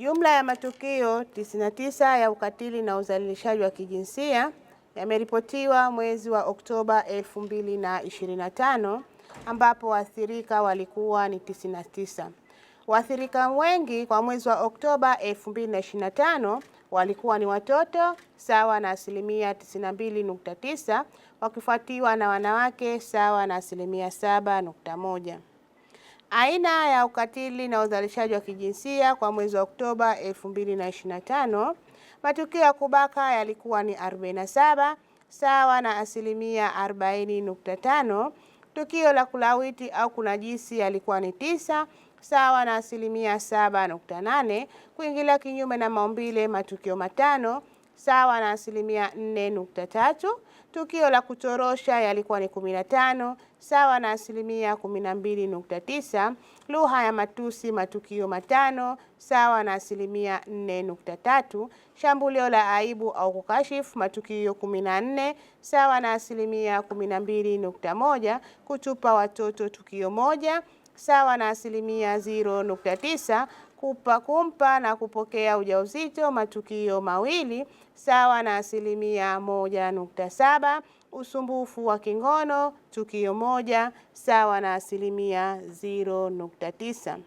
Jumla ya matukio 99 ya ukatili na udhalilishaji wa kijinsia yameripotiwa mwezi wa Oktoba 2025 ambapo waathirika walikuwa ni 99. Waathirika wengi kwa mwezi wa Oktoba 2025 walikuwa ni watoto sawa na asilimia 92.9, wakifuatiwa na wanawake sawa na asilimia 7.1 aina ya ukatili na udhalilishaji wa kijinsia kwa mwezi wa Oktoba 2025, matukio ya kubaka yalikuwa ni 47 sawa na asilimia 40.5. Tukio la kulawiti au kunajisi yalikuwa ni tisa sawa na asilimia 7.8. Kuingilia kinyume na maumbile matukio matano sawa na asilimia 4.3. Tukio la kutorosha yalikuwa ni 15 sawa na asilimia 12.9. Lugha ya matusi matukio matano sawa na asilimia 4.3. Shambulio la aibu au kukashifu matukio 14 sawa na asilimia 12.1. Kutupa watoto tukio moja sawa na asilimia 0.9 kupa kumpa na kupokea ujauzito matukio mawili sawa na asilimia moja nukta saba usumbufu wa kingono tukio moja sawa na asilimia 0.9.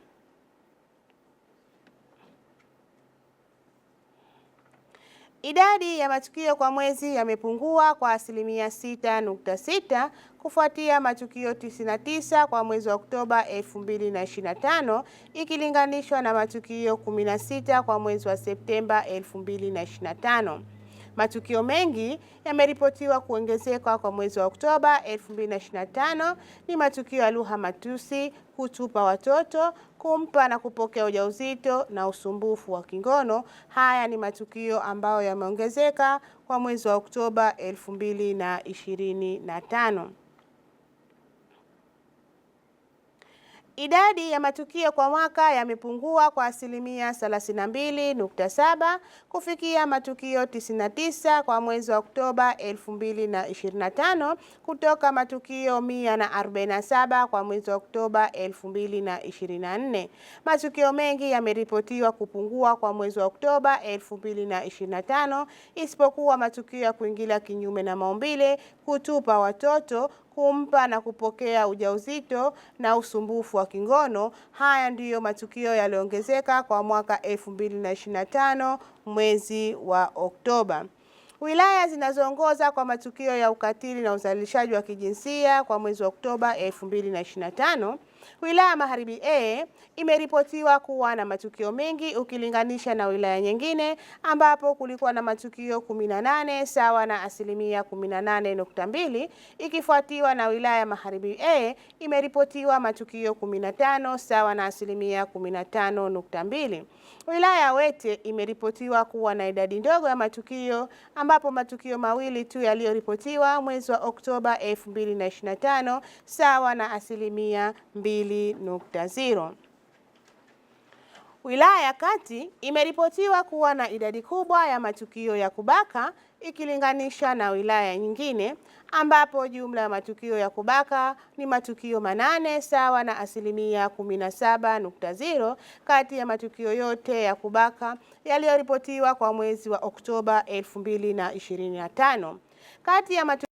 Idadi ya matukio kwa mwezi yamepungua kwa asilimia 6.6 kufuatia matukio 99 kwa mwezi wa Oktoba 2025 ikilinganishwa na matukio 16 kwa mwezi wa Septemba 2025. Matukio mengi yameripotiwa kuongezeka kwa mwezi wa Oktoba 2025 ni matukio ya lugha matusi, kutupa watoto, kumpa na kupokea ujauzito na usumbufu wa kingono. Haya ni matukio ambayo yameongezeka kwa mwezi wa Oktoba 2025. Idadi ya matukio kwa mwaka yamepungua kwa asilimia 32.7 kufikia matukio 99 kwa mwezi wa Oktoba 2025 kutoka matukio 147 kwa mwezi wa Oktoba 2024. Matukio mengi yameripotiwa kupungua kwa mwezi wa Oktoba 2025, isipokuwa matukio ya kuingilia kinyume na maumbile, kutupa watoto kumpa na kupokea ujauzito na usumbufu wa kingono. Haya ndiyo matukio yaliyoongezeka kwa mwaka 2025 mwezi wa Oktoba. Wilaya zinazoongoza kwa matukio ya ukatili na uzalishaji wa kijinsia kwa mwezi wa Oktoba 2025 wilaya ya Magharibi A imeripotiwa kuwa na matukio mengi ukilinganisha na wilaya nyingine ambapo kulikuwa na matukio 18 sawa na asilimia 18.2, ikifuatiwa na wilaya ya Magharibi A imeripotiwa matukio 15 sawa na asilimia 15.2. Wilaya ya Wete imeripotiwa kuwa na idadi ndogo ya matukio ambapo matukio mawili tu yaliyoripotiwa mwezi wa Oktoba 2025 sawa na asilimia 2 2.0. Wilaya ya Kati imeripotiwa kuwa na idadi kubwa ya matukio ya kubaka ikilinganisha na wilaya nyingine ambapo jumla ya matukio ya kubaka ni matukio manane sawa na asilimia 17.0 kati ya matukio yote ya kubaka yaliyoripotiwa kwa mwezi wa Oktoba 2025. Kati ya matukio